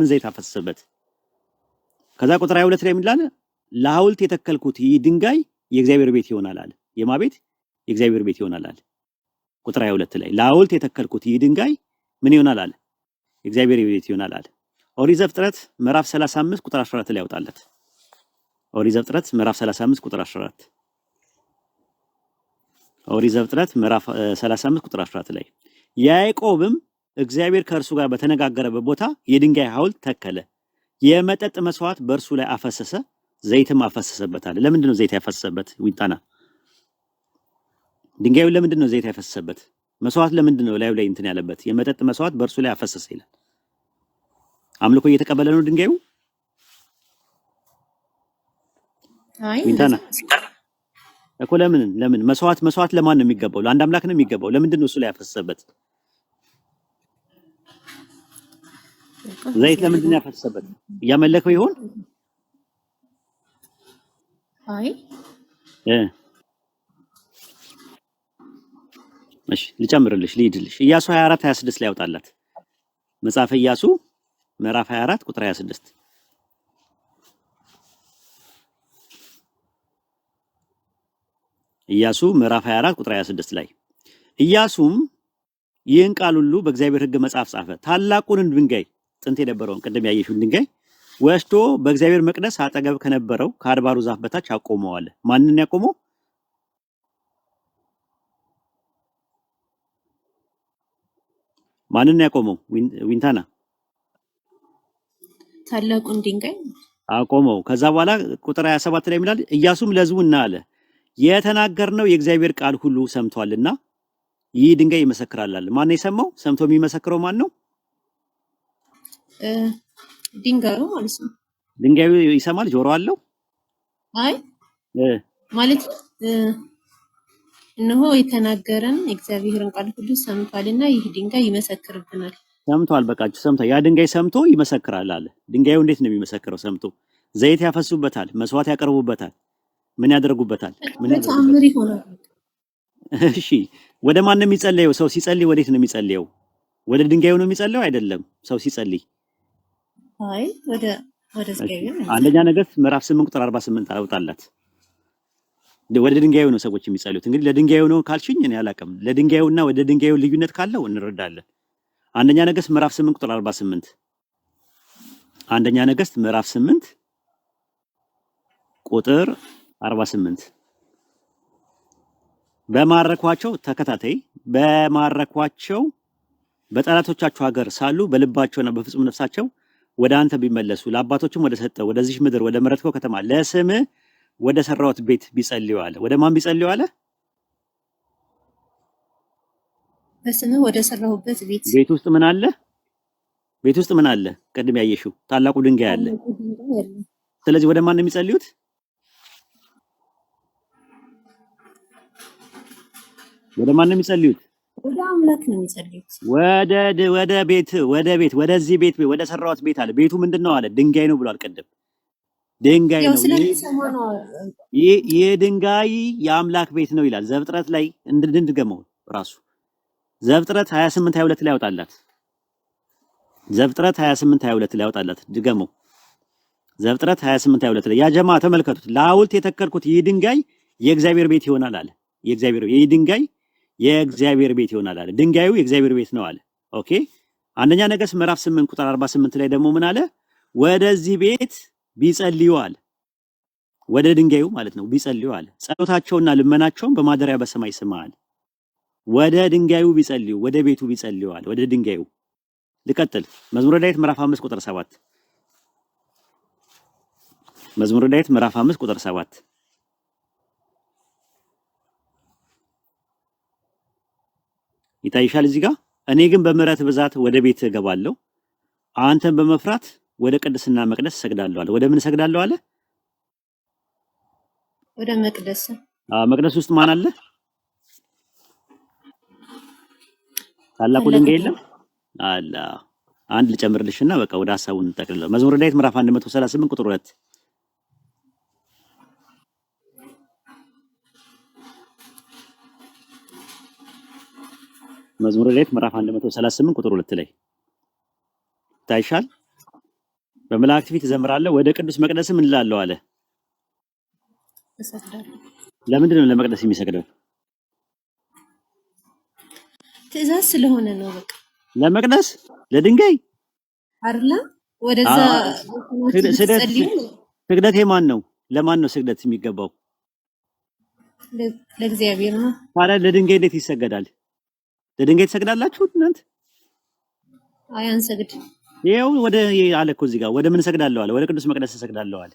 ምን ዘይት አፈሰሰበት። ከዛ ቁጥር 22 ላይ የሚላለ ለሐውልት የተከልኩት ይህ ድንጋይ የእግዚአብሔር ቤት ይሆናል አለ። የማ ቤት? የእግዚአብሔር ቤት ይሆናል አለ። ቁጥር 22 ላይ ለሐውልት የተከልኩት ይህ ድንጋይ ምን ይሆናል አለ? የእግዚአብሔር ቤት ይሆናል አለ። ኦሪት ዘፍጥረት ምዕራፍ 35 ቁጥር 14 ላይ ያወጣለት። ኦሪት ዘፍጥረት ምዕራፍ 35 ቁጥር 14 ኦሪት ዘፍጥረት ምዕራፍ 35 ቁጥር 14 ላይ ያዕቆብም እግዚአብሔር ከእርሱ ጋር በተነጋገረበት ቦታ የድንጋይ ሐውልት ተከለ። የመጠጥ መስዋዕት በእርሱ ላይ አፈሰሰ፣ ዘይትም አፈሰሰበታል ለምንድን ነው ዘይት ያፈሰሰበት? ዊጣና ድንጋዩን ለምንድን ነው ዘይት ያፈሰሰበት? መስዋዕት ለምንድን ነው ላዩ ላይ እንትን ያለበት? የመጠጥ መስዋዕት በእርሱ ላይ አፈሰሰ ይላል። አምልኮ እየተቀበለ ነው ድንጋዩ። ዊጣና እኮ ለምን ለምን መስዋዕት መስዋዕት ለማን ነው የሚገባው? ለአንድ አምላክ ነው የሚገባው። ለምንድን ነው እሱ ላይ ያፈሰሰበት? ዘይት ለምንድን ነው ያፈሰሰበት? እያመለከው ይሆን? አይ እ እሺ ልጨምርልሽ፣ ልሂድልሽ ኢያሱ 24 26 ላይ ያውጣላት መጽሐፈ ኢያሱ ምዕራፍ 24 ቁጥር 26 ኢያሱ ምዕራፍ 24 ቁጥር 26 ላይ ኢያሱም ይህን ቃል ሁሉ በእግዚአብሔር ሕግ መጽሐፍ ጻፈ። ታላቁን ድንጋይ ጥንት የነበረውን ቅድም ያየሽውን ድንጋይ ወስዶ በእግዚአብሔር መቅደስ አጠገብ ከነበረው ከአድባሩ ዛፍ በታች አቆመዋል። ማንን ያቆመው? ማንን ያቆመው? ዊንታና ታላቁን ድንጋይ አቆመው። ከዛ በኋላ ቁጥር 27 ላይ የሚላል እያሱም ለሕዝቡ እና አለ የተናገርነው የእግዚአብሔር ቃል ሁሉ ሰምቷልና ይህ ድንጋይ ይመሰክራል አለ። ማን የሰማው? ሰምቶ የሚመሰክረው ማን ነው? ድንጋዩ ማለት ነው። ድንጋዩ ይሰማል፣ ጆሮ አለው። አይ ማለት እነሆ የተናገረን እግዚአብሔርን ቃል ሁሉ ሰምቷልና ይህ ድንጋይ ይመሰክርብናል። ሰምቷል። በቃችሁ ሰምቷል። ያ ድንጋይ ሰምቶ ይመሰክራል አለ። ድንጋዩ እንዴት ነው የሚመሰክረው? ሰምቶ ዘይት ያፈሱበታል፣ መስዋዕት ያቀርቡበታል፣ ምን ያደርጉበታል? ምን ተአምር ይሆናል። እሺ፣ ወደ ማን ነው የሚጸለየው? ሰው ሲጸልይ ወዴት ነው የሚጸልየው? ወደ ድንጋዩ ነው የሚጸልየው? አይደለም። ሰው ሲጸልይ አይ ወደ ወደ አንደኛ ነገሥት ምዕራፍ 8 ቁጥር 48 አላውጣላት ወደ ድንጋዩ ነው ሰዎች የሚጸልዩት። እንግዲህ ለድንጋዩ ነው ካልሽኝ እኔ አላውቅም። ለድንጋዩና ወደ ድንጋዩ ልዩነት ካለው እንረዳለን። አንደኛ ነገስት ምዕራፍ 8 ቁጥር 48 አንደኛ ነገሥት ምዕራፍ 8 ቁጥር 48 በማረኳቸው ተከታታይ በማረኳቸው በጠላቶቻቸው ሀገር ሳሉ በልባቸውና በፍጹም ነፍሳቸው ወደ አንተ ቢመለሱ ለአባቶችም ወደ ሰጠ ወደዚህ ምድር ወደ መረጥከው ከተማ ለስም ወደ ሰራሁት ቤት ቢጸልዩ አለ። ወደ ማን ቢጸልዩ አለ? በስም ወደ ሰራሁበት ቤት። ቤት ውስጥ ምን አለ? ቤት ውስጥ ምን አለ? ቅድም ያየሽው ታላቁ ድንጋይ አለ። ስለዚህ ወደ ማን ነው የሚጸልዩት? ወደ ማን ነው የሚጸልዩት? አምላክ ነው የሚጸልዩት። ወደ ወደ ቤት ወደ ቤት ወደዚህ ቤት ወደ ሰራሁት ቤት አለ። ቤቱ ምንድን ነው አለ? ድንጋይ ነው ብሏል። ቅድም ድንጋይ ነው። ይህ ድንጋይ የአምላክ ቤት ነው ይላል ዘፍጥረት ላይ እንድንድገመው ራሱ ዘፍጥረት 28 22 ላይ ያወጣላት ዘፍጥረት 28 22 ላይ ያወጣላት ድገመው። ዘፍጥረት 28 22 ላይ ያ ጀማ ተመልከቱት። ለሐውልት የተከልኩት ይህ ድንጋይ የእግዚአብሔር ቤት ይሆናል አለ። የእግዚአብሔር ይህ ድንጋይ የእግዚአብሔር ቤት ይሆናል አለ። ድንጋዩ የእግዚአብሔር ቤት ነው አለ። ኦኬ አንደኛ ነገሥት ምዕራፍ 8 ቁጥር 48 ላይ ደግሞ ምን አለ? ወደዚህ ቤት ቢጸልዩ አለ። ወደ ድንጋዩ ማለት ነው ቢጸልዩ አለ። ጸሎታቸውና ልመናቸውን በማደሪያ በሰማይ ስማ አለ። ወደ ድንጋዩ ቢጸልዩ፣ ወደ ቤቱ ቢጸልዩ አለ። ወደ ድንጋዩ ልቀጥል። መዝሙረ ዳዊት ምዕራፍ 5 ቁጥር 7 መዝሙረ ዳዊት ምዕራፍ 5 ቁጥር 7 ይታይሻል እዚህ ጋር። እኔ ግን በምሕረት ብዛት ወደ ቤት እገባለሁ፣ አንተን በመፍራት ወደ ቅድስና መቅደስ እሰግዳለሁ አለ። ወደ ምን እሰግዳለሁ አለ? ወደ መቅደስ። መቅደስ ውስጥ ማን አለ? ታላቁ ድንጋይ የለም አላ። አንድ ልጨምርልሽና በቃ ወደ ሀሳቡን እንጠቅልለው። መዝሙረ ዳዊት ምዕራፍ 138 ቁጥር 2 መዝሙረ ዳዊት ምዕራፍ 138 ቁጥር 2 ላይ ታይሻል። በመላእክት ፊት እዘምራለሁ፣ ወደ ቅዱስ መቅደስም እንላለሁ አለ። ለምንድን ነው ለመቅደስ የሚሰግደው? ትእዛዝ ስለሆነ ነው። በቃ ለመቅደስ ለድንጋይ አርለ ወደዛ ስግደት የማን ነው? ለማን ነው ስግደት የሚገባው? ለእግዚአብሔር ነው። ታዲያ ለድንጋይ እንዴት ይሰገዳል? ለድንጋይ ትሰግዳላችሁ እናንተ? አይ አንሰግድ። ይኸው ወደ አለ እኮ እዚህ ጋር ወደ ምን እሰግዳለሁ አለ። ወደ ቅዱስ መቅደስ እሰግዳለሁ አለ።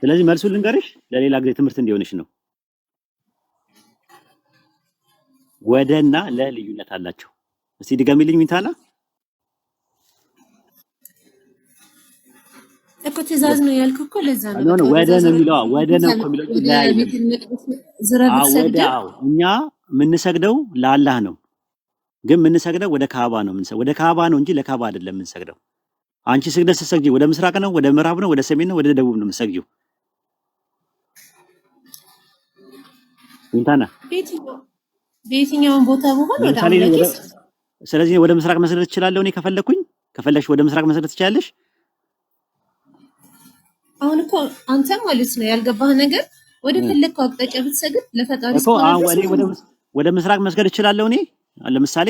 ስለዚህ መልሱን ልንገርሽ፣ ለሌላ ጊዜ ትምህርት እንዲሆንሽ ነው። ወደና ለልዩነት አላቸው። እስቲ ድገሚልኝ ሚታላ እኮ ትእዛዝ ነው ያልኩ እኮ ለዛ ነው ወደ ነው የሚለው ወደ ነው እኮ የሚለው እኛ የምንሰግደው ለአላህ ነው፣ ግን የምንሰግደው ወደ ካባ ነው። የምንሰግደው ወደ ካባ ነው እንጂ ለካባ አይደለም የምንሰግደው። አንቺ ስግደት ስትሰግጂ ወደ ምስራቅ ነው፣ ወደ ምዕራብ ነው፣ ወደ ሰሜን ነው፣ ወደ ደቡብ ነው የምትሰግጂው። እንታና በየትኛውን ቦታ ብሆን ወደ ስለዚህ ወደ ምስራቅ መስገድ ትችላለሁ እኔ ከፈለኩኝ። ከፈለግሽ ወደ ምስራቅ መስገድ ትችላለሽ። አሁን እኮ አንተ ማለት ነው ያልገባህ ነገር ወደ ፈለግከው አቅጣጫ ብትሰግድ ለፈጣሪ ወደ ምስራቅ መስገድ እችላለሁ። እኔ ለምሳሌ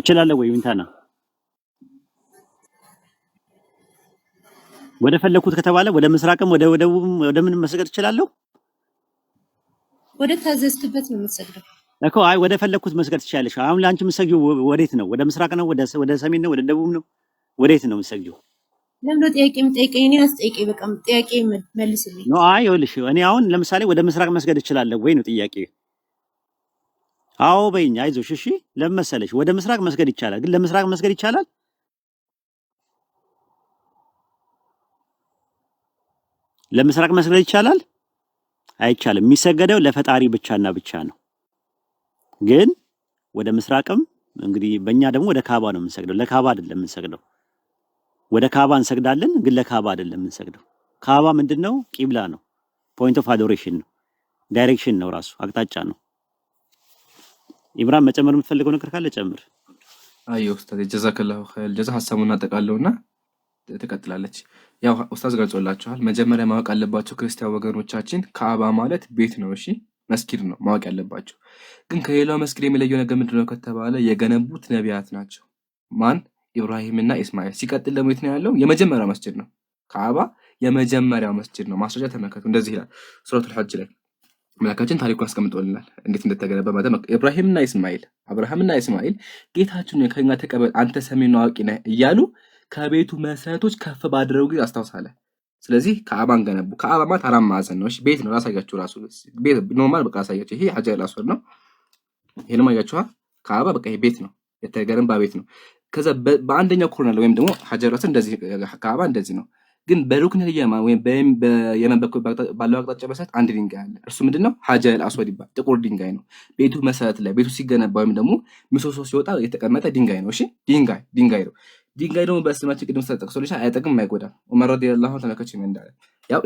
እችላለሁ ወይ ዊንታና ወደ ፈለግኩት ከተባለ ወደ ምስራቅም ወደ ወደ ወደ ምን መስገድ እችላለሁ። ወደ ታዘዝክበት ነው የምትሰግደው። እኮ አይ ወደ ፈለግኩት መስገድ ትችላለሽ። አሁን ለአንቺ የምትሰጊው ወዴት ነው? ወደ ምስራቅ ነው? ወደ ሰሜን ነው? ወደ ደቡብ ነው? ወዴት ነው የምትሰጊው? ለምን ጥያቄ ምጠይቀኝ እኔ አስጠይቄ በቃ ጥያቄ መልስልኝ። ኖ አይ ይኸውልሽ፣ እኔ አሁን ለምሳሌ ወደ ምስራቅ መስገድ እችላለሁ ወይ ነው ጥያቄ። አዎ በይኝ፣ አይዞሽ። እሺ ለምን መሰለሽ ወደ ምስራቅ መስገድ ይቻላል። ግን ለምስራቅ መስገድ ይቻላል ለምስራቅ መስገድ ይቻላል? አይቻልም። የሚሰገደው ለፈጣሪ ብቻና ብቻ ነው። ግን ወደ ምስራቅም እንግዲህ በእኛ ደግሞ ወደ ካባ ነው የምንሰግደው። ለካባ አይደለም የምንሰግደው። ወደ ካባ እንሰግዳለን፣ ግን ለካባ አይደለም የምንሰግደው። ካባ ምንድን ነው? ቂብላ ነው። ፖይንት ኦፍ አዶሬሽን ነው። ዳይሬክሽን ነው፣ ራሱ አቅጣጫ ነው። ኢብራሂም መጨመር የምትፈልገው ነገር ካለ ጨምር። አይ ኡስታዝ ጀዛከላሁ ኸይር። ጀዛ ሀሳቡን እናጠቃለውና ትቀጥላለች። ያው ኡስታዝ ገልጾላችኋል። መጀመሪያ ማወቅ አለባቸው ክርስቲያን ወገኖቻችን ካዕባ ማለት ቤት ነው። እሺ መስጊድ ነው ማወቅ ያለባቸው። ግን ከሌላው መስጊድ የሚለየው ነገር ምንድን ነው ከተባለ የገነቡት ነቢያት ናቸው። ማን? ኢብራሂምና ኢስማኤል። ሲቀጥል ደግሞ የት ነው ያለው? የመጀመሪያው መስጅድ ነው። ከአባ የመጀመሪያው መስጅድ ነው። ማስረጃ ተመልከቱ። እንደዚህ ይላል ሱረቱል ሐጅ ላይ መላካችን ታሪኩን አስቀምጦልናል፣ እንዴት እንደተገነባ ማለት ኢብራሂምና ኢስማኤል አብርሃምና ኢስማኤል ጌታችን ከኛ ተቀበል አንተ ሰሚን አዋቂ ነህ እያሉ ከቤቱ መሰረቶች ከፍ ባደረጉ ጊዜ አስታውሳለህ። ስለዚህ ከአባን ገነቡ። ከአባ ማለት አራት ማዕዘን ነው። ቤት ነው። ላሳያችሁ ራሱ ቤት ኖርማል በቃ ላሳያችሁ። ይሄ ሀጀር ላስወድ ነው። ይሄ ደግሞ አያችኋል። ከአባ በቃ ይሄ ቤት ነው፣ የተገረምባ ቤት ነው። ከዛ በአንደኛው ኮርነር ወይም ደግሞ ሀጀራትን እንደዚህ ከአባ እንደዚህ ነው። ግን በሩክን ልየማ ወይም በየመን በኩል ባለው አቅጣጫ መሰረት አንድ ድንጋይ አለ። እርሱ ምንድነው? ሀጀር አስወድ ይባል ጥቁር ድንጋይ ነው። ቤቱ መሰረት ላይ ቤቱ ሲገነባ ወይም ደግሞ ምሰሶ ሲወጣ የተቀመጠ ድንጋይ ነው። እሺ ድንጋይ ድንጋይ ነው። ድንጋይ ደግሞ በእስልምናችን ቅድም ስለጠቅሶልሻ አይጠቅም አይጎዳም። ዑመር ረዲየላሁ ተመከች እንዳለ ያው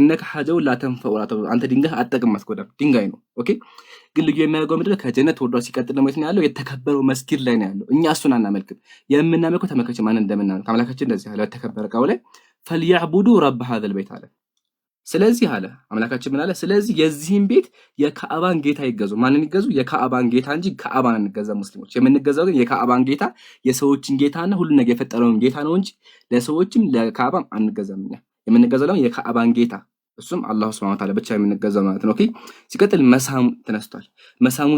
ኢነከ ሐጀው ላተንፈው አንተ ድንጋይ አጠቅም አትጎዳም፣ ድንጋይ ነው። ኦኬ ግን ልዩ የሚያደርገው ምንድን ከጀነት ወርዷ ሲቀጥል ደግሞ የት ነው ያለው? የተከበረው መስጊድ ላይ ነው ያለው። እኛ እሱን አናመልክም። የምናመልከው ተመከች ማን እንደምናመልክ አምላካችን እንደዚህ ያለው የተከበረ ቃው ላይ ፈልያዕቡዱ ረብ ሀዘል ቤት አለ ስለዚህ አለ አምላካችን ምን አለ? ስለዚህ የዚህም ቤት የካዕባን ጌታ ይገዙ። ማንን ይገዙ? የካዕባን ጌታ እንጂ ካዕባን እንገዛ ሙስሊሞች የምንገዛው ግን የካዕባን ጌታ የሰዎችን ጌታና ሁሉን ነገር የፈጠረውን ጌታ ነው እንጂ ለሰዎችም ለካዕባም አንገዛም። የምንገዛው ለምን? የካዕባን ጌታ እሱም አላሁ ስብሐ ወተዓላ ብቻ የምንገዛው ማለት ነው። ሲቀጥል መሳሙ ተነስቷል። መሳሙ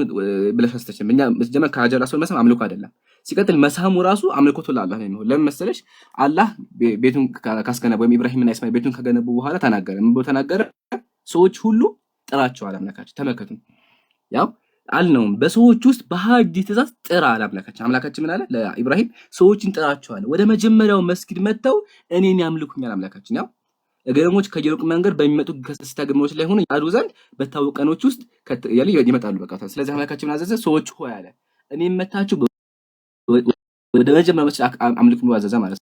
ብለሽ አስተችም እኛ ጀመር ከአጀር ራሱ መሳም አምልኮ አይደለም። ሲቀጥል መሳሙ ራሱ አምልኮቱ ለአላህ ነው ለምን መሰለሽ አላህ ቤቱን ካስገነበ ወይም ኢብራሂምና ኢስማኤል ቤቱን ከገነቡ በኋላ ተናገረ። ምን ብሎ ተናገረ? ሰዎች ሁሉ ጥራቸው አላምላካቸው። ተመከቱ ያው አልነውም በሰዎች ውስጥ በሀጅ ትእዛዝ ጥራ አላምላካችን አምላካችን ምን አለ ለኢብራሂም ሰዎችን ጥራቸዋለ ወደ መጀመሪያው መስጊድ መጥተው እኔን ያምልኩኛል አምላካችን ያው ገረሞች ከየሩቅ መንገድ በሚመጡ ከስስታ ግርማዎች ላይ ሆነ ያሉ ዘንድ በታወቁ ቀኖች ውስጥ ይመጣሉ። በቃ ስለዚህ አምላካቸው ምን አዘዘ? ሰዎች ሆይ አለ እኔ መታችሁ ወደ መጀመሪያ መስጅድ አምልኩ አዘዘ ማለት ነው።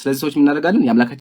ስለዚህ ሰዎች የምናደርጋለን የአምላካችን